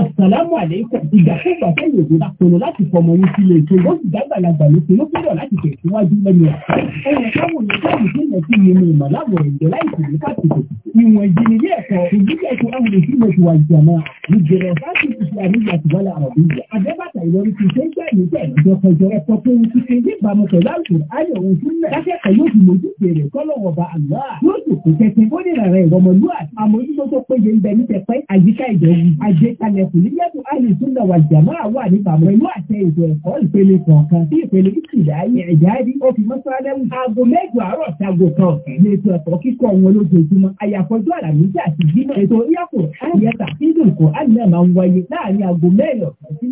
Àsàlámù àlékún ìgbàkúgbà sẹ́yìn èdè bá pinnu láti fọmọ ohun sí ilé ìṣòro sì dágbàlagbà ló pinnu gbọ́dọ̀ láti tẹ̀síwájú lẹ́nu ẹ̀. Ẹ̀yìn káwọn oníṣẹ́yìn tó yẹ kí ni mo ìmọ̀ ẹ̀jẹ̀ láì ní kásìkò. Ìwọ̀n ìjìnlẹ̀ ẹ̀kọ́ ìdílé ẹ̀kọ́ àwọn olùsílẹ̀ fi mojú bèrè kọ́lọ̀wọ̀ bá àlọ́ à kùlíyàtò àlùsùnà wà jàmá wà níbàámu pẹ̀lú àtẹ ètò ẹ̀kọ́ ìpele kọ̀ọ̀kan sí ìpele ìtìláyé ẹ̀já rí ó fi mọ́sálẹ́wù. aago mẹ́jọ àárọ̀ sago kan ní ètò ẹ̀kọ́ kíkọ́ wọn lójoojúmọ́ àyàfọ́jú àlàmísì àti jímọ̀. ètò yàtọ̀ àyẹ̀tà ìdùn kò àná máa ń wáyé láàrin aago mẹ́rin ọ̀sán sí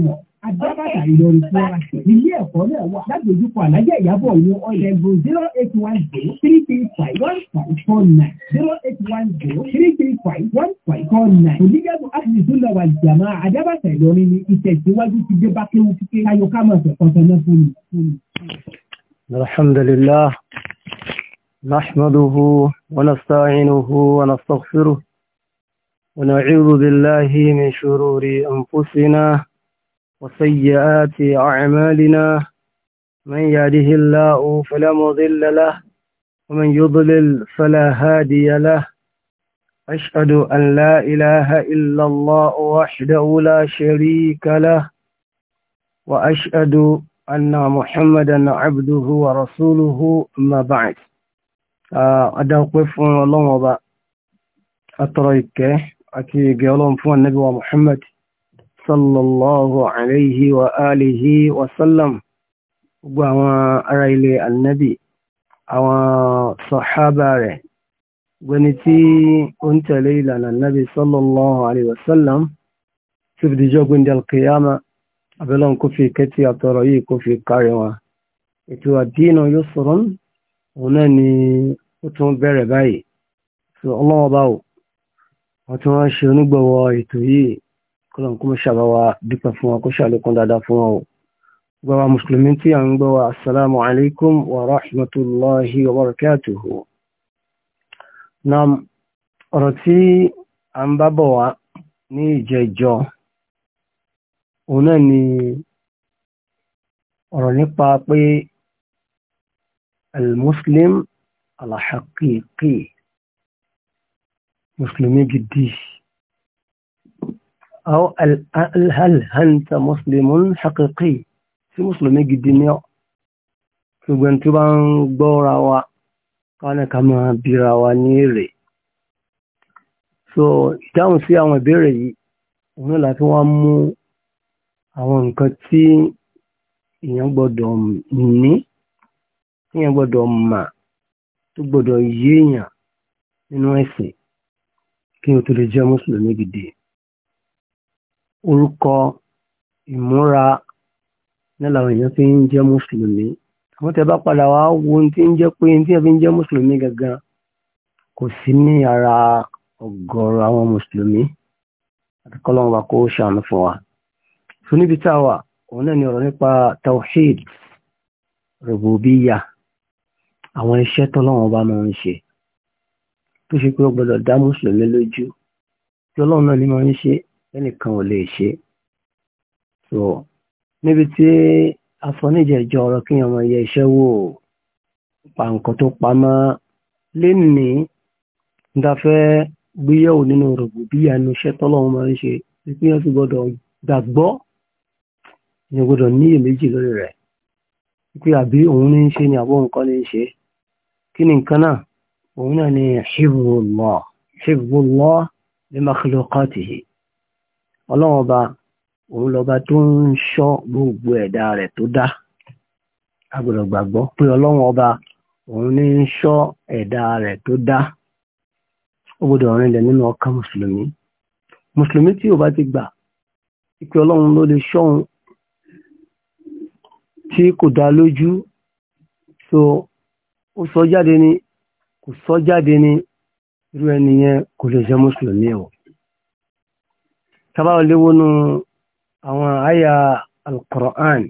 mẹ́fà Adébàtà Ìlọrin tí wọ́n ṣe. Ilé ẹ̀kọ́ náà wà lágbèjúkọ̀ Àlájẹ́ Ìyábọ̀ ìwọ̀n ọ̀lẹ́gbọ̀n zero eight one zero three three five one five four nine zero eight one zero three three five one five four nine. Olùdíjẹ́bù Áṣìṣú lọ jàmá Adébàtà Ìlọrin ni ìtẹ̀síwájú ti dé bá kéwu kíké káyọ̀ ká máa fẹ̀kọ́ sọ́nà fún mi. Alhamdulillah, nahmaduhu wa nasta'inuhu wa nastaghfiruh wa na'udhu billahi min shururi anfusina. وسيئات أعمالنا من يهده الله فلا مضل له ومن يضلل فلا هادي له أشهد أن لا إله إلا الله وحده لا شريك له وأشهد أن محمدا عبده ورسوله أما بعد آه، أدعوكم الله وبا أتريك أتي قولهم فوان النبي ومحمد sallallahu alayhi wa alihi wa sallam gbogbo àwọn ará ilé annabi àwọn sọ̀hábà rẹ̀ gbẹni tí ó ń tẹ̀lé ìlànà annabi sallallahu alayhi wa sallam tí ó fi dijọ́ gbẹ̀ndẹ̀ alkiyama abẹ́lọ́n kó fi kẹ́tì àtọ̀rọ̀ yìí kó fi kárí wọn ètò àdínà yóò sọ̀rọ̀ òun ni ó tún bẹ̀rẹ̀ báyìí so ọlọ́wọ́ báwo wọ́n tún wá ṣe onígbọ̀wọ́ ètò yìí kọ́lọ̀n kó mọ́ ṣàbáwá dúpẹ́ fún wa kó ṣàlékún dáadáa fún wa o gbọ́wà mùsùlùmí tí a ń gbọ́wà assalamu alaikum wa rahmatullahi wa barakatuhu na ọ̀rọ̀ tí a ń bá bọ̀ wá ní ìjẹjọ́ òun náà ni ọ̀rọ̀ nípa pé al-muslim al-haqiqi gidi أو هل muslimun haqiqi sí mùsùlùmí gidi ní ọ ṣùgbọ́n tí ó bá ń gbọ́ra wa káwọn ká máa bíra wa ní èrè so ìdáhùn sí àwọn ìbéèrè yìí òun náà láti wá mú àwọn nǹkan tí èèyàn gbọ́dọ̀ ní èèyàn gbọ́dọ̀ mà tó gbọ́dọ̀ yéèyàn nínú ẹ̀sìn kí o tó lè jẹ́ mùsùlùmí gidi orúkọ ìmúra nílà àwọn èèyàn fi ń jẹ́ mùsùlùmí àwọn tẹ bá padà wá wo ní tí ń jẹ́ pé tí ẹ fi ń jẹ́ mùsùlùmí gangan kò sí ní ara ọ̀gọ̀rọ̀ àwọn mùsùlùmí àti kọ́lọ́n wa kó ṣàánú fún wa so níbi tá a wà òun náà ni ọ̀rọ̀ nípa tawhid rububiyyah àwọn iṣẹ́ tọ́lọ́wọ́n bá máa ń ṣe tó ṣe pé ó gbọ́dọ̀ dá mùsùlùmí lójú tí ọlọ́run náà ni máa ń ṣe ẹnìkan ò lè ṣe so níbi tí afọ́nìjẹ̀jọ ọ̀rọ̀ kí ọmọ yẹ iṣẹ́ wò pa nǹkan tó pamọ́ lé ní dáfẹ́ gbéyẹ̀wò nínú rògbò bí ìyanu iṣẹ́ tọ́lọ́run máa ń ṣe pípín ẹ̀ sì gbọ́dọ̀ gbàgbọ́ ni gbọ́dọ̀ ní iyèméjì lórí rẹ̀ pé àbí òun ní ṣe ni àbọ̀ nǹkan ní ṣe kí ni nǹkan náà òun náà ni hibullah hibullah li makhluqatihi ọlọ́run ọba òun lọ́ba tó ń ṣọ́ gbogbo ẹ̀dá rẹ̀ tó dá a gbọ́dọ̀ gbàgbọ́ pé ọlọ́run ọba òun ní ń ṣọ́ ẹ̀dá rẹ̀ tó dá ó gbọ́dọ̀ rinlẹ̀ nínú ọkàn mùsùlùmí mùsùlùmí tí ò bá ti gbà pé ọlọ́run ló lè ṣọ́ òun tí kò dá lójú so ó sọ jáde ni kò sọ jáde ni irú ẹni yẹn kò lè jẹ́ mùsùlùmí o tàbá oléwó nú àwọn àyà al-Qur'an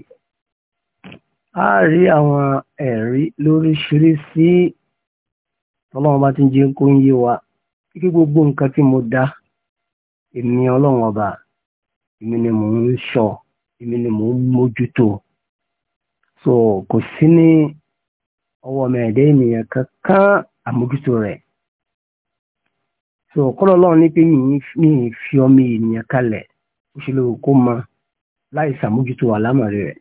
a rí àwọn ẹ̀rí lóríṣiríṣi ọlọ́run bá ti ń jẹ́ kó ń yé wa kíkí gbogbo nǹkan tí mo dá èmi ọlọ́run ọba èmi ni mò ń ṣọ́ èmi ni mò ń mójútó so kò sí ní ọwọ́ ọmọ ẹ̀dẹ́ ènìyàn kankan àmójútó rẹ̀ so kọ́lọ́ ọlọ́run ní pé mi ì fi ọmọ ènìyàn kalẹ̀ ó ṣe lóko kó mọ láì sàmójútó àlámọ̀ rẹ̀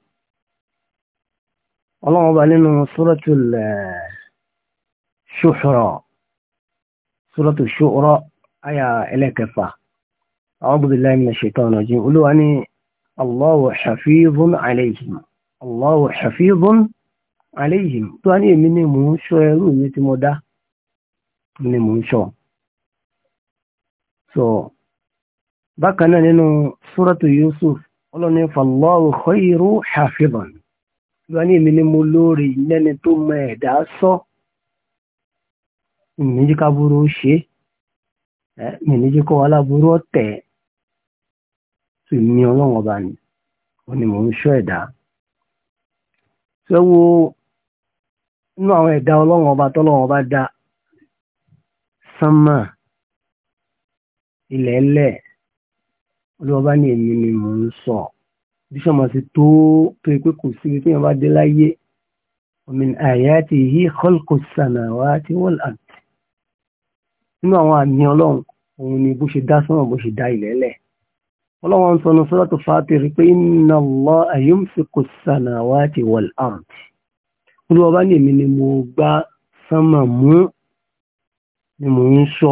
ọlọ́run ọba nínú suratul eh, Shu'ara suratul Shu'ara àyà ẹlẹ́kẹfà a'udhu billahi minash shaitanir rajim olúwa ní Allahu hafizun alayhim Allahu hafizun alayhim tó wá ní èmi ni mò ń ṣọ́ ẹrú mi tí mo dá ni mò ń ṣọ́ so bákan náà nínú súrọ́tù Yusuf ọlọ́ni fallahu khayru hafizan ìwà ní èmi ni mo lóore lẹ́ni tó mọ ẹ̀dá sọ ìníjíká burú ṣe ìníjíkọ́ aláburú ọ̀tẹ̀ tó ní ọlọ́run ọba ni wọ́n ni mò ń ṣọ́ ẹ̀dá sẹ́wọ́ inú àwọn ẹ̀dá ọlọ́run ọba dá sánmà ilẹ̀ ẹlẹ̀ olúwọba ní èmi ni mò ń sọ bí sọmọ sí tó tó pé kò síbi tí wọn bá dé láyé min ayatihi khalqu samawati wal ard nínú àwọn àmì ọlọ́run òun ni bó ṣe dá sọ́nà bó ṣe dá ilẹ̀ ẹlẹ̀ ọlọ́wọ́n sọ ní suratu Fatir pé inna Allaha yumsiku as-samawati wal ard olúwọba ní èmi ni mo gbá sánmà mú ni mò ń sọ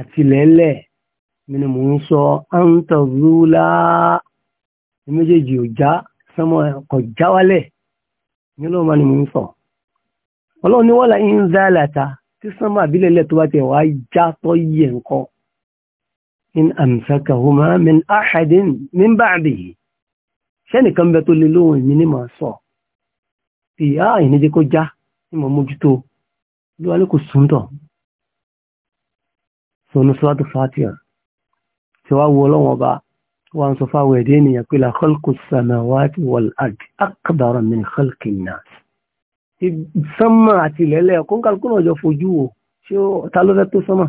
àtìlẹ́lẹ̀ mi ni mò ń sọ antazula méjèèjì ò já sọmọ kò já wálẹ̀ ní ló máa ni mò ń sọ ọlọ́run ní wọ́n la ń zá làtà tí sọmọ àbílẹ̀ lẹ̀ tó bá tiẹ̀ wá já tó yẹ nǹkan in amsakahuma min ahadin min ba'dihi sẹ́nìkan bẹ tó lé lóhùn èmi ni màá sọ ìyá ìníjẹ́ kó já ní màá mójútó ló wá ní sùn tọ̀ sọnù sọ́dọ̀ fatia tí wá wo ọlọ́wọ́n bá wọ́n sọ fáwọn ẹ̀dẹ́ ènìyàn pé la khalqu samawati wal ardi akbar min khalqin nas. sánmà àti ilẹ̀lẹ̀ kó ń kálukú náà jọ fojú wò ṣé ta ló fẹ́ tó sánmà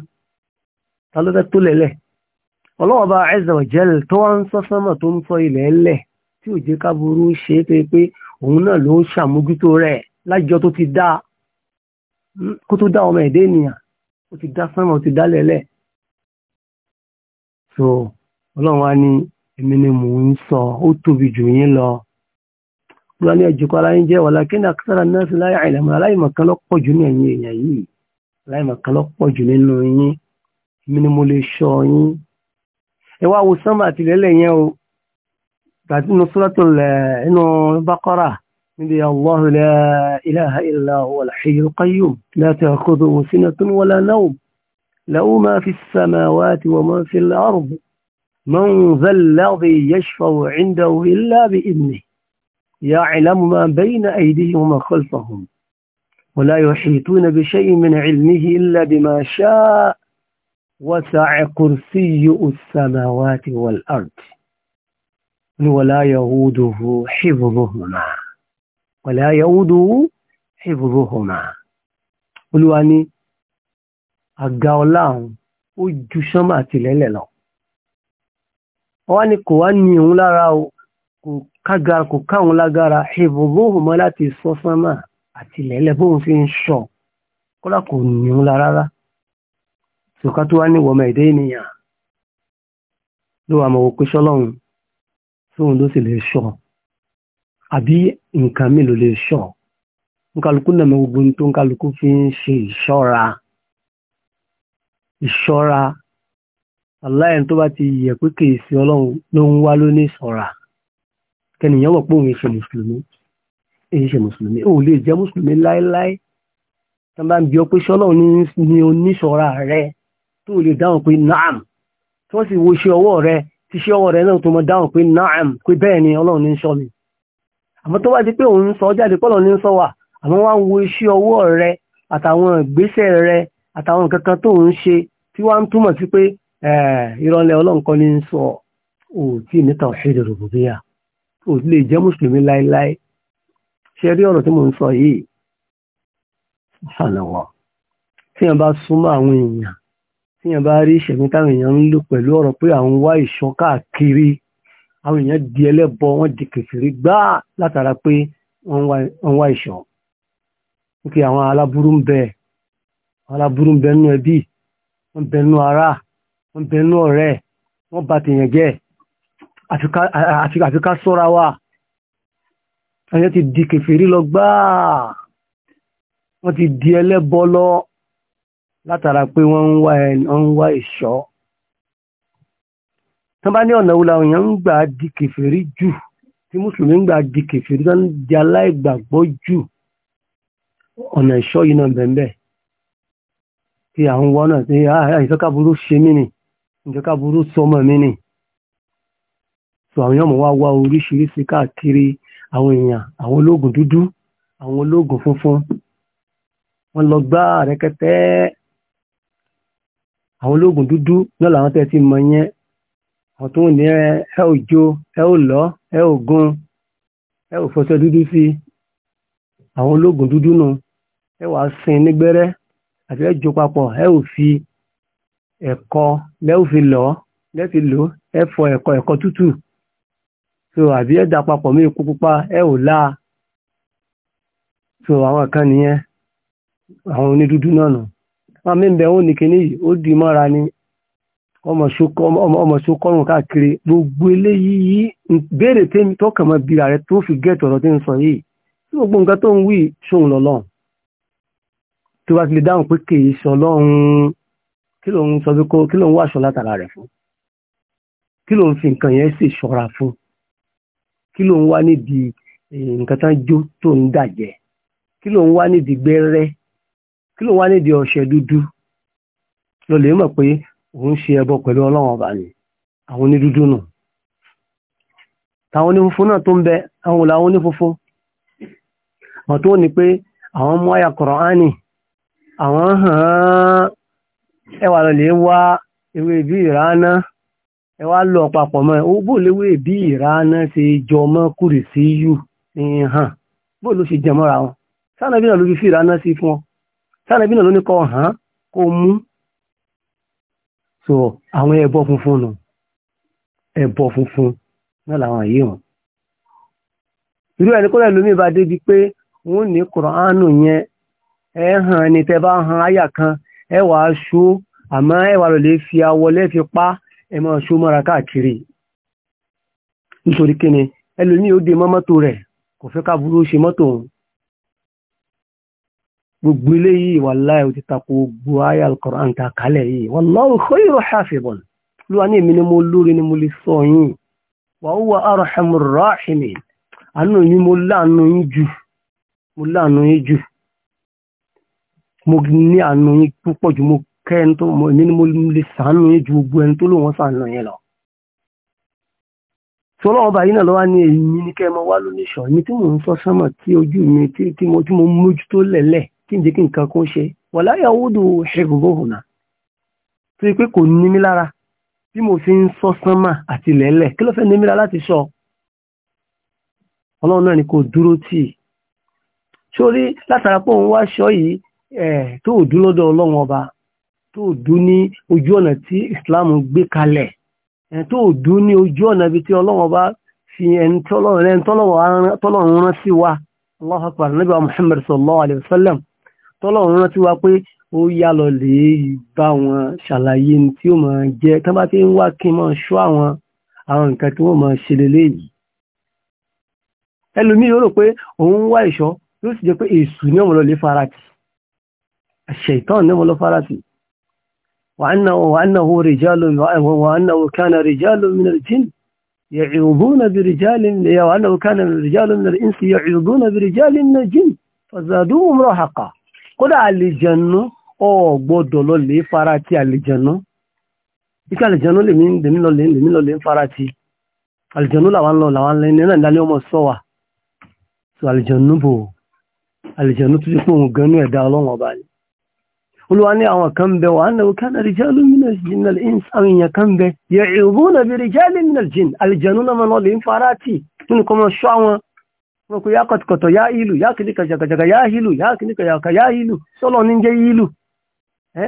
ta ló fẹ́ tó lẹ̀lẹ̀. ọlọ́wọ́n bá azza wa jal tó wá ń sọ sánmà tó ń sọ ilẹ̀lẹ̀ tí ò jẹ́ káburú ṣe é pé òun náà ló ń ṣàmójútó rẹ̀ lájọ tó ti dá hmm, kó tó dá ọmọ ẹ̀dẹ́ ènìyàn ó ti dá sánmà ó ti dá lẹ̀lẹ̀ so ọlọ́run wá ní èmi ni mò ń sọ ó tóbi jù yín lọ wọ́n ní ẹ̀jùkọ́ aláyín jẹ́ wọ́n lákínà akthara an-nas la ya'lamun aláìmọ̀kan lọ́pọ̀ jù ní ẹ̀yìn èèyàn yìí aláìmọ̀kan lọ́pọ̀ jù nínú yín èmi ni mo lè ṣọ́ yín ẹ wá wo sánmà àtìlẹ́lẹ̀ yẹn o tàbí inú suratul eh, inú Baqara níbi Allahu la ilaha illa huwal hayyul qayyum la ta'khudhuhu sinatun wala nawm له ما في السماوات وما في الأرض من ذا الذي يشفع عنده إلا بإذنه يعلم ما بين أيديهم وما خلفهم ولا يحيطون بشيء من علمه إلا بما شاء وسع كرسي السماوات والأرض ولا يهوده حفظهما ولا يهوده حفظهما قلوا أني àga ọlá àwọn ó ju sánmà àtìlẹ́lẹ̀ lọ wọ́n ní kò wá ní òun lára o kò kágara kò káwọn lágara ìbòbóhùn mọ́ láti sọ sánmà àtìlẹ́lẹ̀ bóun fi ń sọ kọ́lá kò ní òun lára rárá ṣùkà tó wá ní wọ́mọ èdè ènìyàn ló wà mọ̀ pé sọ́lọ́run tóun ló sì lè sọ àbí nǹkan mélòó lè sọ nkálukú nàmọ gbogbo tó nkálukú fi ń ṣe ìṣọ́ra ìṣọ́ra aláìní tó bá ti yẹ pé kìí sí ọlọ́run ló ń wá ló ní ìṣọ́ra kẹnìyàn mọ̀ pé òun ṣe mùsùlùmí èyí ṣe mùsùlùmí òun lè jẹ́ mùsùlùmí láéláé tó bá ń bi ọ pé ṣọ́lọ́run ni oníṣọ́ra rẹ tó lè dáhùn pé naam tí wọ́n sì wo iṣẹ́ ọwọ́ rẹ ti ṣe ọwọ́ rẹ náà tó mọ dáhùn pé naam pé bẹ́ẹ̀ ni ọlọ́run ní ń ṣọ́ mi àmọ́ tó bá ti pé òun ń sọ jáde pọ́lọ̀ ní ń sọ wà àmọ́ wá ń wo iṣẹ́ ọwọ́ rẹ àtàwọn ìgbésẹ̀ rẹ àtàwọn kankan tó ń ṣe tí wọ́n ń túmọ̀ sí pé ìrọ̀lẹ́ ọlọ́nkọ́ ní sọ ò tí ní tawhid rububiyya ò lè jẹ́ mùsùlùmí láéláé ṣe rí ọ̀rọ̀ tí mo ń sọ yìí sànàwọ̀ tí wọ́n bá súnmọ́ àwọn èèyàn tí wọ́n bá rí ìṣẹ̀mí táwọn èèyàn ń lò pẹ̀lú ọ̀rọ̀ pé àwọn wá ìṣọ́ káàkiri àwọn èèyàn di ẹlẹ́bọ wọ́n di kèfèrí gbáà látara pé wọ́n wá ìṣọ́ pé àwọn aláburú ń bẹ aláburú ń bẹ nínú ẹbí wọ́n bẹnu ara wọ́n bẹnu ọ̀rẹ́ wọ́n bá tèèyàn jẹ́ àfi ká sọ́ra wa ẹ̀yẹ́ ti di kèfèrí lọ gbáà wọ́n ti di ẹlẹ́bọ lọ látara pé wọ́n ń wá ẹni wọ́n ń wá ìṣọ́ tán bá ní ọ̀nà wo làwọn èèyàn ń gbà di kèfèrí jù tí mùsùlùmí ń gbà di kèfèrí tán di aláìgbàgbọ́ jù ọ̀nà ìṣọ́ yìí náà bẹ̀ẹ̀ tí à ń wọ́n náà tí àìsọ́kàbúrú ṣe mí nì ìjọkàbúrú sọmọ mí nì so àwọn èèyàn mọ̀ wá wá oríṣiríṣi káàkiri àwọn èèyàn àwọn ológun dúdú àwọn ológun funfun wọ́n lọ gbá rẹ̀kẹ̀tẹ̀ àwọn ológun dúdú náà làwọn tẹ́ ti mọ̀ yẹn àwọn tó ní ẹ ò jó ẹ ò lọ ẹ ò gun ẹ ò fọṣọ dúdú sí àwọn ológun dúdú nù ẹ wàá sin nígbẹ́rẹ́ àti ẹ jọ papọ̀ ẹ ò fi ẹ̀kọ lẹ́ ò fi lọ́ lẹ́ fi lò ẹ fọ ẹ̀kọ ẹ̀kọ tútù so àbí ẹ dà papọ̀ mí ikú pupa ẹ ò láa so àwọn kan nìyẹn àwọn onídúdú náà nù wọn mi bẹ òun nìkíní yìí ó di mọ́ra ni ọmọ ṣokọrùn káàkiri gbogbo eléyìí béèrè tó kàn mọ́ bíra rẹ tó fi gẹ́ẹ̀tì ọ̀rọ̀ tí ń sọ yìí tí gbogbo nǹkan tó ń wí ṣóun lọ́lọ́run tí wá ti lè dáhùn pé kìí sọ lọ́run kí ló ń sọ kó kí ló ń wàṣọ látara rẹ̀ fún kí ló ń fi nǹkan yẹn sì ṣọ́ra fún kí ló ń wá nídìí e, nǹkan tán jó tó ń dàjẹ́ kí ló ń wá nídìí gbẹ́rẹ́ kí ló ń wá nídìí ọṣẹ dúdú lọ lè mọ̀ pé òun ṣe ẹbọ pẹ̀lú ọlọ́run ọba ni àwọn onídúdú nù táwọn onífunfun náà tó ń bẹ àwọn làwọn onífunfun àwọn tó ní pé àwọn mú àyà Kùránì àwọn hàn ẹ wà wá ewé bí ìrànà ẹ lọ papọ̀ mọ́ ẹ bó léwé bí ìrànà ṣe jọ mọ́ kúrè sí yù ní hàn bó ló ṣe jẹ mọ́ra wọn náà ló fi fi ìrànà sí fún ọ sànàbí náà ló ní kọ so àwọn ẹbọ funfun nù ẹbọ funfun náà làwọn yìí wọn irú ẹni lómi bá débi pé ẹ hàn ni tẹ bá hàn àyà kan ẹ wà á ṣó àmọ́ ẹ wà lọ́lẹ́ fi awọ lẹ́fi pa ẹ máa ṣó mọ́ra káàkiri nítorí kíni ẹlòmíì ó de mọ́ mọ́tò rẹ̀ kò fẹ́ ká burú ṣe mọ́tò òun gbogbo eléyìí wàláhì ó ti tako gbogbo àyà al àǹtà kálẹ̀ yìí wallahu khayru hafizun lúwa ní èmi ni mo lórí ni mo lè sọ yín wa huwa arhamur rahimin àánú yín mo láàánú yín jù mo láàánú yín jù mo ní àánú yín púpọ̀ jù mo kẹ́ ẹni tó mo èmi ni mo lè sàánú yín ju gbogbo ẹni tó lò wọ́n sàánú yín lọ. sọlọ́ ọba yìí náà lọ́wọ́ ní èmi ni kẹ́ ẹ mọ wá lóníṣọ̀ èmi tí mò ń sọ sánmọ̀ tí ojú mi tí mo tí mo mójútó lẹ̀lẹ̀ tí n jẹ́ kí nǹkan kan ṣe wàlá yàwúdù ṣègùnbóhùnà tó yẹ pé kò ní mi lára tí mo fi ń sọ sánmà àti lẹ̀lẹ̀ kí ló fẹ́ ní mi lára láti sọ ọlọ́run náà ni kò dúró tì í sórí látara pé òun wá ṣọ́ yìí tó ò dún lọ́dọ̀ ọlọ́run ọba tó ò dún ní ojú ọ̀nà tí islam gbé kalẹ̀ tó dún ní ojú ọ̀nà tí ọlọ́run ọba fi ẹni rán sí wa Allahu Akbar Nabi Muhammad sallallahu alayhi wa sallam tọ́lọ́run rán sí wa pé ó yá lọ lè bá wọn ṣàlàyé tí ó tán bá ti ń wá kí àwọn àwọn nǹkan tí wọ́n الشيطان نمو لفاراتي وأنه, وأنه رجال وأنه كان رجال من الجن يعوضون برجال وأنه كان رجال من الإنس يعوضون برجال من الجن فزادوهم رهقا قل على الجنة أو بودلو لي فاراتي على الجنة ìkà àlìjànú lèmi lèmi lọlé lèmi lọlé ń fara ti àlìjànú làwọn lọ làwọn lẹ ní náà lálẹ́ ọmọ sọ wa so àlìjànú bò àlìjànú tó ti fún òun gan ní ẹ̀dá ọlọ́run ọba ni olúwa ní àwọn kan bẹ wà náà kánà rìjálù minal jinn al ins àwọn èèyàn kan bẹ yẹ ìrùbú náà bí rìjálù minal jinn alìjẹ̀nú náà lọ lè ń fara tì nínú kọmọ ṣọ́ àwọn ọkọ̀ yá kọ̀tọ̀kọ̀tọ̀ yá ìlú yá kìlì kàjàkàjàkà yá ìlú yá kìlì kàjàkà yá ìlú sọ́lọ̀ ní jẹ́ ìlú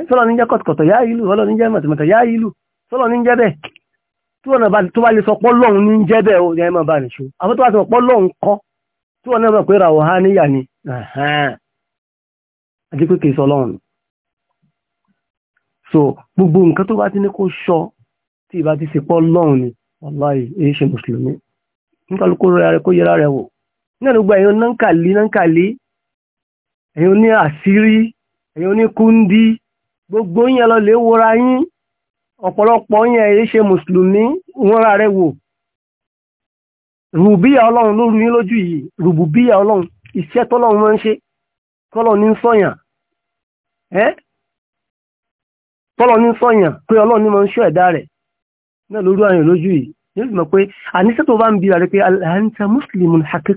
sọ́lọ̀ ní jẹ́ kọ̀tọ̀kọ̀tọ̀ yá ìlú sọ́lọ̀ ní jẹ́ mọ̀tẹ̀mọ̀tẹ̀ yá ìlú sọ́lọ̀ ní jẹ́ bẹ́ẹ̀ tí wọ́n náà tó bá lè sọ pọ́lọ́hún ní jẹ́ bẹ́ẹ̀ ó yẹ máa bá nìṣó àwọn tó bá sọ pọ́lọ́hún kọ́ tí wọ́n náà mọ̀ pé ra ọ̀há níyà ni àti pé kì í sọ lọ́hùn so gbogbo nǹkan tó bá ti ní kó sọ tí ìbá ti sepọ́ lọ́hùn ni wàláì èyí ṣe mùsùlùmí nítorí rẹ̀ rẹ̀ kó yẹra rẹ̀ wò ní àdúgbò ẹ̀yìn náǹkàlí náǹkàlí ẹ̀yìn oní àṣírí ẹ̀yìn oní kúndí gbogbo yẹn lọ lè wora yín ọ̀pọ̀lọpọ̀ yẹn èyí ṣe mùsùlùmí wọ́nra rẹ̀ wò rùbíyà ọlọ́run ló ru yín lójú yìí rùbùbíyà ọlọ́run iṣẹ́ tọ́lọ́run máa ń ṣe tọ́lọ́run ní sọ̀yàn ẹ́ tọ́lọ ní sọ̀yàn pé ọlọ́run ní máa ń ṣọ́ ẹ̀dá rẹ̀ náà lórí àyàn lójú yìí yóò sì mọ̀ pé àníṣẹ́ tó bá ń bi rẹ̀ pé àǹtà mùsùlùmí hakiki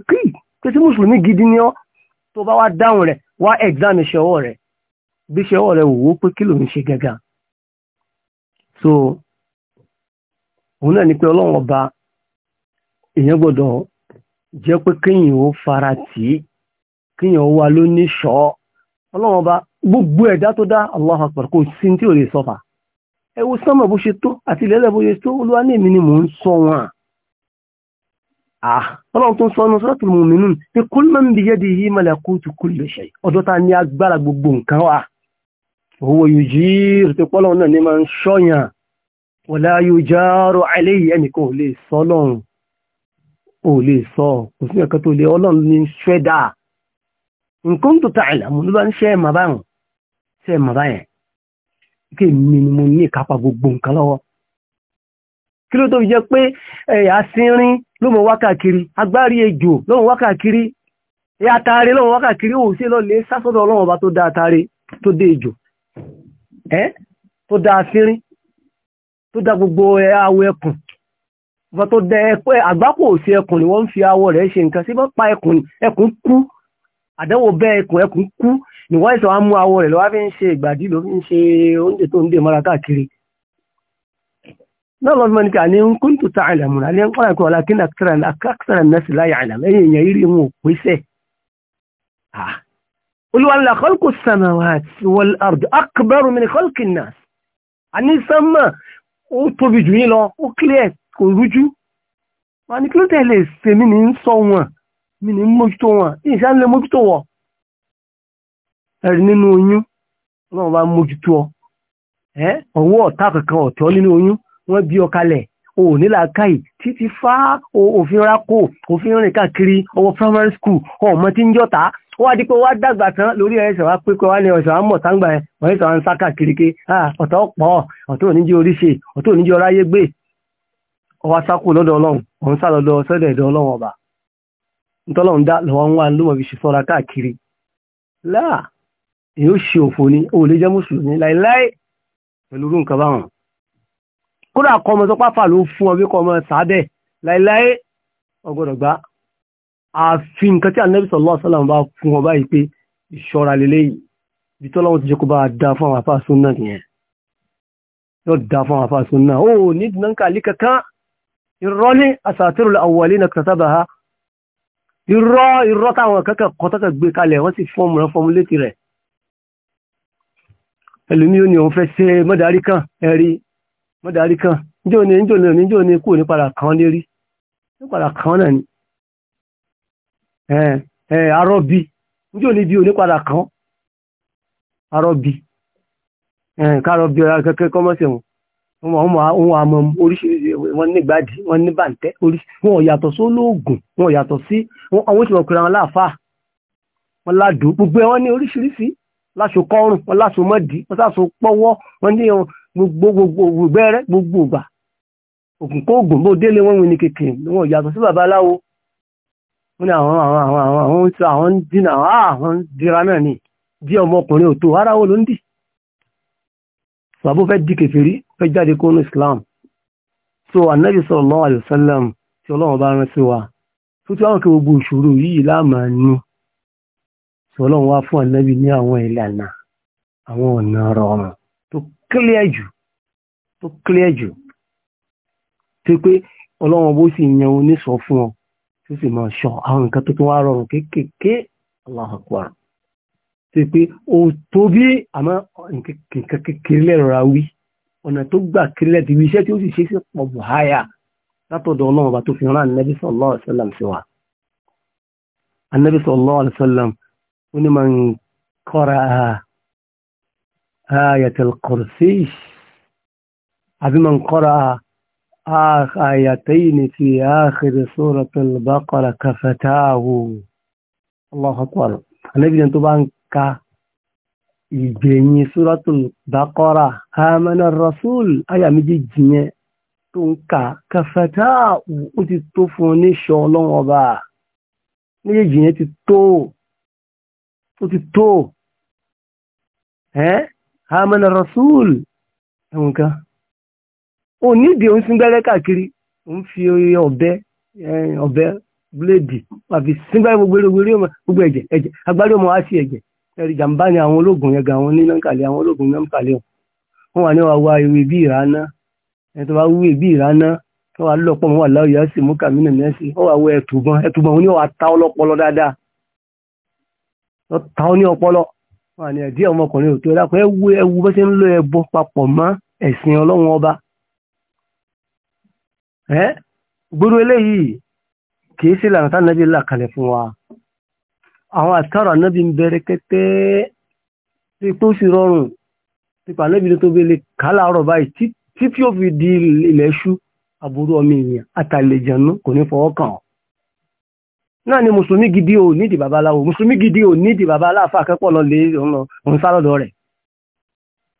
pé tí mùsùlùmí gidi ni ọ́ tó bá wá dáhùn rẹ̀ wá ẹ̀gzáàmì ṣọwọ́ rẹ̀ bí ṣọwọ́ rẹ̀ wò ó pé kí ló ń ṣe gẹ́gẹ́ so òun náà ni pé ọlọ́run ọba èèyàn gbọ́dọ̀ jẹ́ pé kéèyàn ó fara tì í kéèyàn ó wà lóníṣọ́ ọlọ́run ọba gbogbo ẹ̀dá tó dá Allah Akbar kò sí tí ò lè sọ́fà ẹ wo sánmà bó ṣe tó àti ilẹ̀lẹ̀ bó ṣe tó olúwa ní èmi ni mò ń sọ wọn ọlọ́run tó ń sọ ọ́nà Suratul Mu'minun pé kul man biyadihi malakutu kulli shay ọ̀dọ̀ ta ní agbára gbogbo nǹkan wa huwa yujir tó pọ́lọ́ náà ní máa ń ṣọ́yàn wala yujaru alayhi ẹnìkan ò lè sọ ọlọ́run ò lè sọ kò sí nǹkan tó lè ọlọ́run ní ṣẹ́dá nǹkan tó ta àìlàmú ló bá ń ṣẹ́ màbáwọn ṣe e báyẹn kí mi ni mo ní ìkápá gbogbo nǹkan lọ́wọ́ kí ló tó fi jẹ́ pé ẹ̀yà sínrin ló mọ̀ wákàkiri agbárí ejò ló mọ̀ wákàkiri ẹ̀yà taare ló mọ̀ wákàkiri òun sí lọ lè sásọ́dọ̀ tó dáa tó dé ejò ẹ́ tó gbogbo awo ẹkùn tó dá àgbákò òsì ẹkùn ni wọ́n ń fi awọ rẹ̀ ṣe nǹkan sí pa ẹkùn ẹkùn kú nìwọ́n ìtọ̀ á mú awọ rẹ̀ lọ́wọ́ fi ń ṣe ìgbàdí ló fi ń ṣe oúnjẹ tó ń dè mọ́ra káàkiri náà lọ́dún mọ́ni káà ní ń kún tó ta àìlàmù náà ní ń kọ́ra ìkọ́ra kí nàkàkàrà nẹ́sì láyé àìlàmù ẹ̀yìn èèyàn irú ìwọ̀n òpèsè olúwàlá kọ́lùkù samawati wal ardi akbaru min kọ́lùkì náà a ní sánmà ó tóbi jù yín lọ ó kílẹ̀ kò rújú wọn ni kí ló tẹ̀lé sèmi ní ń sọ wọn mi ní mójútó wọn ìṣàlẹ̀ mójútó ẹ̀rí nínú oyún náà bá mójútó ọ ọwọ ọwọ́ ọ̀tá kankan ọ̀tọ́ nínú oyún wọ́n bí ọ kalẹ̀ o ò làákàyè títí fá òfin rákò òfin rìn káàkiri ọwọ́ primary school ọmọ tí ń jọta wọ́n wá di pé wá dàgbà tán lórí ẹ̀ṣẹ̀ wá pé pé wá ní ọ̀ṣẹ̀ wá mọ̀ táǹgbà ẹ̀ wọ́n ẹ̀ṣẹ̀ wá ń sá káàkiri èyí ó ṣe òfò ni ó lè jẹ́ mùsùlùmí láìláì pẹ̀lú orú nǹkan báwọn kódà kọ́ ọmọ tó pàfà ló fún ọ bí kọ́ ọmọ sábẹ́ láìláì ọgbọ́dọ̀ gbá àfi nǹkan tí anabi sallallahu alaihi wasallam bá fún ọ báyìí pé ìṣọ́ra lélẹ́yìí ibi tó lọ́wọ́ ti jẹ́ kó bá da fún àwọn àfáà súnà nìyẹn yóò da fún àwọn àfáà súnà ó ní ìdùnnà nǹkan àlíkà kan irọ́ ní asatirul awwalina iktasabaha irọ́ irọ́ táwọn kankan kọ́ gbé kalẹ̀ wọ́n sì fọ́ọ̀mù rẹ̀ fọ́ọ̀mù létí rẹ̀ ẹlòmí ó ní òun fẹ́ ṣe mọ́dárí kan ẹ̀rí mọ́dárí kan níjọ́ ni níjọ́ ni níjọ́ ni kò ní padà kàn án lérí ní padà náà ni ẹ ẹ arọ́bí níjọ́ ni bí ò ní padà kàn án arọ́bí ẹ kárọ́bí ọ̀rá kẹ́kẹ́ kọ́mọ́sì wọn wọn wọn àmọ́ oríṣiríṣi wọn nígbàdí wọn ní bàǹtẹ́ oríṣiríṣi wọn ò yàtọ̀ sí olóògùn wọn ò yàtọ̀ sí àwọn oṣù ọkùnrin àwọn láàfáà wọn ládùú gbogbo ẹ wọn ní oríṣiríṣi láṣọ kọ́rùn wọn láṣọ mọ́dí wọn sáṣọ pọ́wọ́ wọn ní gbogbo bẹ́rẹ́ gbogbo ìgbà ògùn kó ògùn bó délé wọn wí ní kékeré wọn yàtọ̀ sí babaláwo wọn ní àwọn àwọn àwọn àwọn àwọn ń sọ àwọn ń dínà àwọn ń dira náà ni bí ọmọkùnrin òtó ara ló ń dì bàbá fẹ́ di kèfèrí fẹ́ jáde kó Islam so anabi sallallahu alaihi wasallam tí Ọlọ́run bá rán sí wa tó tí wọn kí gbogbo ìṣòro yìí láàmà ni ọlọ́run wá fún ànábì ní àwọn ìlànà àwọn ọ̀nà rọrùn tó clear jù tó clear jù tó pé ọlọ́run bó sì yan oníṣọ́ fún ọ tó sì máa ṣọ àwọn nǹkan tó tún wá rọrùn kéékèèké Allahu Akbar tó pé o tó bí àmọ́ nǹkan kékeré lẹ́rọra wí ọ̀nà tó gbà kílẹ̀ ti iṣẹ́ tí ó sì ṣe sí pọ̀ bùháyà látọ̀dọ̀ ọlọ́run ọba tó fi rán ànábì sallallahu alaihi wasallam sí wa onímọ̀ kọ́ra ayatul kursi àbí mọ̀ kọ́ra ayatayn fi akhir suratul baqara kafatahu Allahu akbar anábìyàn tó bá ń ka ìgbẹ̀yìn suratul baqara amana rasul aya méjèèjì yẹn tó ń ka kafatahu ó ti tó fún oníṣọ́ ọlọ́wọ́ bá méjèèjì ó ti tó ẹ́ amẹ́nà rasul ẹ̀wọ̀n kan ó nídìí òun síngbẹ́rẹ́ káàkiri òun fi ọ̀bẹ ọ̀bẹ bíléèdì àfi síngbẹ́rẹ́ gbogbo ẹ̀jẹ̀ ẹ̀jẹ̀ agbárí ọmọ á sí ẹ̀jẹ̀ ẹ̀rì jàǹbá ni àwọn ológun yẹn ga àwọn ní nàǹkàlẹ̀ àwọn ológun nàǹkàlẹ̀ wọn wà ní wàá wá ewé bí ìrànà ẹni tó bá wúwe bí ìrànà tó wà lọ́pọ̀ wọn wà láwùjọ sí mú kàmínà mẹ́sì ó wà wọ ẹ̀tùbọn ẹ̀tùbọn òun ni wàá ta ọlọ́pọlọ dáadáa lọ ta ọ ní ọpọlọ wọn ni ẹdí ọmọkùnrin ò tó ẹdá pé ẹwu ẹwu bó ṣe ń lo ẹbọ papọ̀ mọ́ ẹ̀sìn ọlọ́run ọba ẹ gbúrú eléyìí kì í sí ìlànà tá nàbí là kalẹ̀ fún wa àwọn àtàrà nàbí ń bẹ̀rẹ̀ kẹtẹ tí tó sì rọrùn pípa nàbí tó bẹ lè kà láàárọ̀ báyìí tí tí ó fi di ilẹ̀ ṣú àbúrò ọmọ ènìyàn àtàlẹ̀jànú kò ní fọwọ́ kàn ọ́ náà ni mùsùlùmí gidi ò nídìí babaláwo mùsùlùmí gidi ò nídìí babaláwo akẹ́kọ̀ọ́ lọ lé òun sálọ́dọ̀ rẹ̀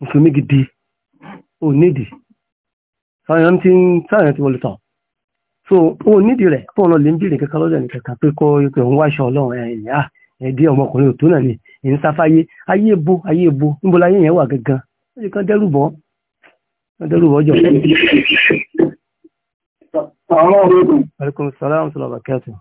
mùsùlùmí gidi ò nídìí sáyẹn ti ń sáyẹn ti wọlé tán so ò nídìí rẹ̀ fún ọ̀nà lè ń bìrì kankan lọ́dọ̀ nìkankan pé kọ́ pé òun wáṣọ ọlọ́run ẹ̀yà ẹ̀dí ọmọkùnrin òtún náà ni ẹ̀ ń sáfáyé ayé ebo ayé ebo níbo láyé yẹn wà gangan ó yẹ kán dẹ́rù bọ́ kán dẹ́rù bọ́ jọ. Assalamu salaam wa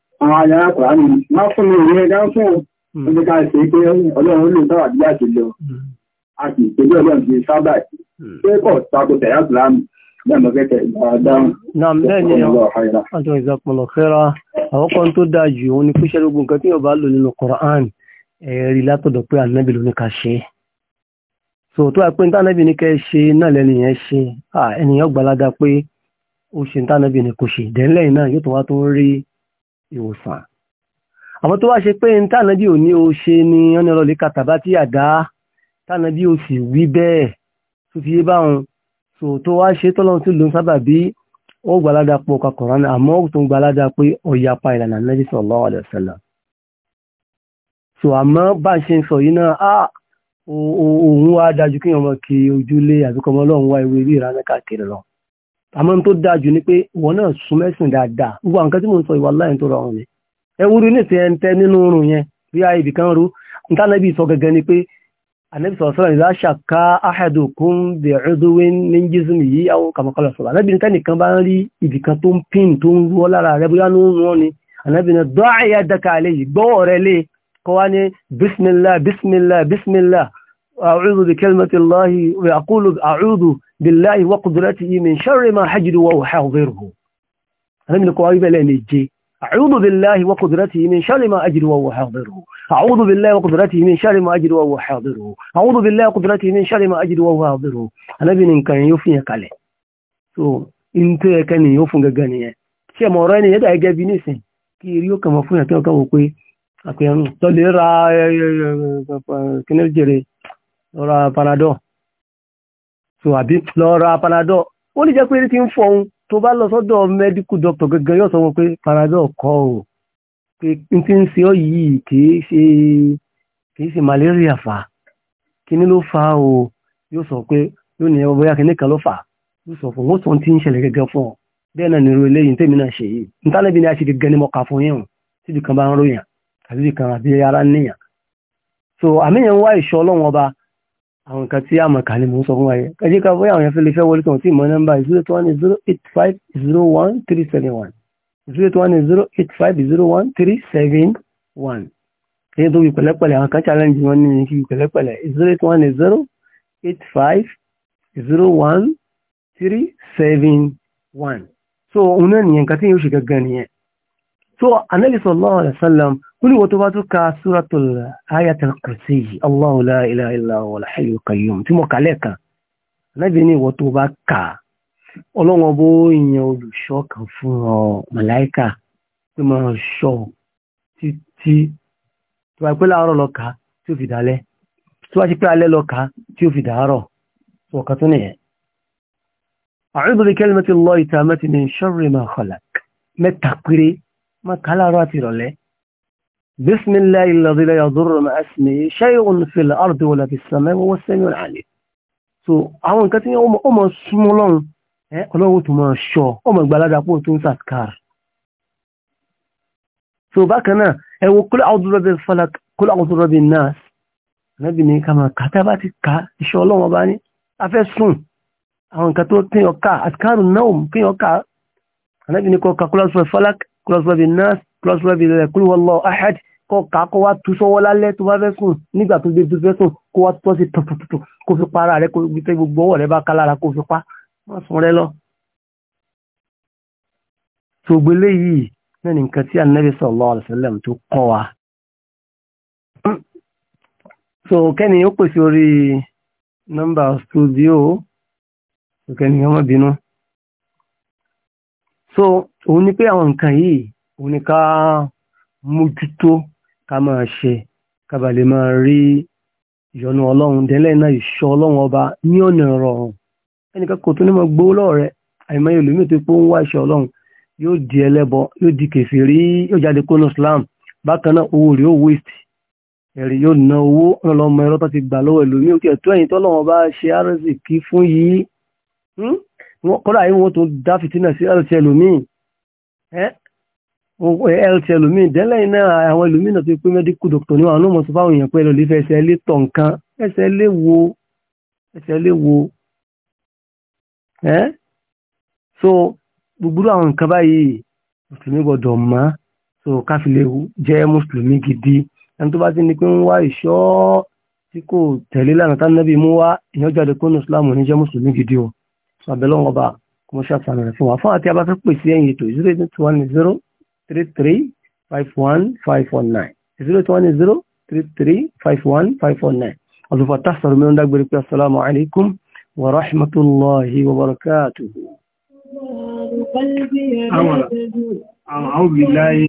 àwọn ayárakọ̀ á ní má fún mi òun ẹgbẹ́ fún ọdún hmm. ká ṣe pé ọlọ́run ló sábà bí àṣẹ lọ hmm. a sì ṣe bí ọlọ́run ti sábà ṣe hmm. kọ̀ tako tẹ̀yà ìsìlámù Náà bẹ́ẹ̀ni ọjọ́ ìzọpọ̀lọ̀ fẹ́ra, àwọn kan tó dáa jù òun ni kúṣẹ́ gbogbo nǹkan tí yóò So tó àpé ìtànábì ní kẹ́ ṣe náà lẹ́nu yẹn ṣe, ènìyàn gbàládà pé ó ṣe ìtànábì ní kò ṣe, dẹ́lẹ́yìn náà yóò tó wá ìwòsàn àwọn tó wá ṣe pé ní tànàbí ò ní o ṣe ni wọ́n ní ọlọ́lẹ̀ kàtàbá tí àdá tànàbí ò sì wí bẹ́ẹ̀ tó fi yé báwọn tó tó wá ṣe tọ́lọ́run tó ló ń sábà bí ó gbalada pọ̀ ka Kùránì àmọ́ tó ń gbalada pé ọ̀yà pa ìlànà Ànábì sallallahu alaihi wasallam so àmọ́ bá ń ṣe ń sọ yìí náà á òun wá dájú kí ọmọ kí ojúlé àbíkọmọ ọlọ́run wá ìwé rí ìrànlẹ́ àmọ́ tó dáa jù ní pé wọ́n náà sún mẹ́sìn dáadáa gbogbo àwọn kan tí mò ń sọ ìwà láyìn tó rọrùn ni ẹwúrú ní ti ẹntẹ nínú oorun yẹn bí i ibì kan rú ntánàbí sọ gẹ́gẹ́ ni pé ànábì sọ̀rọ̀ sọ̀rọ̀ ìlà ṣàká ahadukum bi udwin min jismihi yìí àwọn kàmọ́kàlà sọ̀rọ̀ ànábì níta nìkan bá ń rí ibì kan tó ń pín tó ń wọ́ lára rẹ bóyá nínú wọn ni ànábì náà billahi wa qudratihi min sharri ma hajiru wa uhadhiruhu anan ni ko ayi bele méje a'udhu billahi wa qudratihi min sharri ma ajiru wa uhadhiruhu a'udhu billahi wa qudratihi min sharri ma ajiru wa uhadhiruhu a'udhu billahi wa qudratihi min sharri ma ajiru wa uhadhiruhu anabi nin kan yo fin kale so inte kan yo fun gaga ni se mo re ni da gẹ́gẹ́ bí nisin ki ri o kan mo fun yan kan wo pe ape run to le ra kinerjere ora panadol so àbí lọ ra panadol ó lè jẹ́ pé tí ń fọ ohun tó bá lọ sọ́dọ̀ medical doctor gẹ́gẹ́ yóò sọ wọn pé panadol kọ́ o pé n ti ń ṣe ọ́ yìí kìí ṣe kìí ṣe malaria fà kíní ló fà o yóò sọ pé yóò ní ẹwọ bóyá kíní kan ló fà yóò sọ fún wọn sọ ti ń ṣẹlẹ̀ gẹ́gẹ́ fún ọ bẹ́ẹ̀ náà nírú eléyìí tèmi náà ṣe yìí ntálẹ́bí ni a ṣe gẹ́gẹ́ ni mo kà fún yẹn o síbi kan bá ń ròyìn àbí kan àbí ara níyàn so àmì yẹn ń wá ìṣọ́ àwọn nǹkan tí àmọ̀kà ni mò ń sọ fún wa yẹn ẹ jẹ́ ká bóyá àwọn yẹn fẹ́ lè fẹ́ wọlé kan tí ìmọ̀ nọ́mbà zero two one zero eight five zero one three seven one zero two one zero eight five zero one three seven one èyí tó wí pẹ̀lẹ́pẹ̀lẹ́ àwọn kan challenge wọn ní ní kí wí pẹ̀lẹ́pẹ̀lẹ́ zero two one zero eight five zero one three seven one so òun náà nìyẹn nǹkan tí yóò ṣe gangan nìyẹn so anabi sallallahu alaihi wasallam kúlù wọ́n tó bá tún ka suratul ayatul kursi yìí Allahu la ilaha illa huwal hayyul qayyum tí mo kà lẹ́ẹ̀kan anabi ní wọ́n tó bá kà ọlọ́wọ́n bó yan olùṣọ́ kan fún ọ màláìkà tó máa ṣọ́ títí tó bá pẹ́ láàárọ̀ lọ kà tí ó fi dálẹ́ tó bá pé alẹ́ lọ tí ó fi dàárọ̀ tó ọ̀kan tó nìyẹn. a'udhu bi kalimati Allahi tammati min sharri ma khalaq máa kà á láàárọ̀ àti ìrọ̀lẹ́ bismillahi alladhi la yadurru ma'a ismihi shay'un fil ardi wala fis sama'i wa huwa as-sami'ul 'alim so àwọn nǹkan tí ó mọ̀ súnmọ́ lọ́run ọlọ́run tó máa ṣọ́ ọmọ ìgbàládà pò so bákan náà ẹ wo kul a'udhu bi rabbil falaq kul a'udhu bi rabbin nas anábì ní ká máa kà tá bá ti kà iṣẹ́ ọlọ́run ọba ní afẹ́ sùn àwọn nǹkan tó kéèyàn ká àtikárù náà kéèyàn ká anábì ní kọ́ kakula sọ falak kúlọ́sọ́bì náà kúlọ́sọ́bì rẹ̀ kúlù wọ́lọ́ ahad kọ́ ká kó wá tú sọ́wọ́ lálẹ́ tó bá fẹ́ sùn nígbà tó gbé tó fẹ́ sùn kó wá tọ́ sí tọ̀tọ̀tọ̀ kó fi para rẹ̀ kó fi tẹ́ gbogbo ọwọ́ rẹ̀ bá ká lára kó fi pa wọ́n sùn rẹ̀ lọ. tògbé léyìí náà ní nǹkan tí anabi sallallahu alaihi wasallam tó kọ́ wa. so kẹ́ni ó pèsè orí nọ́mbà studio kẹ́ni ọmọ so òun ni pé àwọn nǹkan yìí òun ni ká mójútó ká máa ṣe ká bà lè máa rí ìyọnu ọlọ́run délẹ̀ náà ìṣọ́ ọlọ́run ọba ní ọ̀nà ìrọ̀rùn ẹnìkan kò tó ní mọ gbowó lọ́wọ́ rẹ àìmọye olùmíì tó pé ó ń wá ìṣọ́ ọlọ́run yóò di ẹlẹ́bọ yóò di kèfèrí yóò jáde kónú Islam bákan náà owó rẹ̀ ó waste ẹ̀rí yóò ná owó ọlọ́mọ ẹ̀rọ tó ti gbà lọ́wọ́ ẹlòmíì ó kí ẹ̀tọ́ ẹ̀yìn tọ́lọ́wọ́n bá ṣe arẹ́sì kí fún yìí hmm? kọ́lá yìí wọ́n tó dá fìtínà sí ẹ̀lṣẹ̀ ẹlòmíì ẹ̀lṣẹ̀ ẹlòmíì dẹ́lẹ̀ iná àwọn ẹlòmíì náà tó pé mẹ́díkù dọ̀tọ̀ níwọ̀n àwọn ọmọọ̀sọ fáwọn èèyàn pé ẹlòmíì fẹ́ ẹsẹ̀ ilé tọ̀ ẹsẹ̀ ilé wo ẹsẹ̀ ilé wo ẹ́ so gbogbo àwọn nǹkan báyìí mùsùlùmí gbọdọ̀ mọ́ so káfí lè jẹ́ mùsùlùmí gidi ẹni tó bá ti ní pé ń wá ìṣọ́ tí kò tẹ̀lé lánàá tánàbí mú wá ìyànjáde kónú ìsìlámù ní jẹ́ mùsùlùmí gidi o àbẹ̀lọ́wọ́n ọba kọmọṣẹ́ àtàlẹ̀ rẹ̀ fún wa fún àti abáfẹ́ pèsè ẹ̀yìn ètò zero eight one zero three three five one five four nine zero eight one zero three three five one five four nine Abdulfatah sọ̀rọ̀ mi ń dágbére pé asalaamu alaykum wa rahmatulahi wa barakatuhu.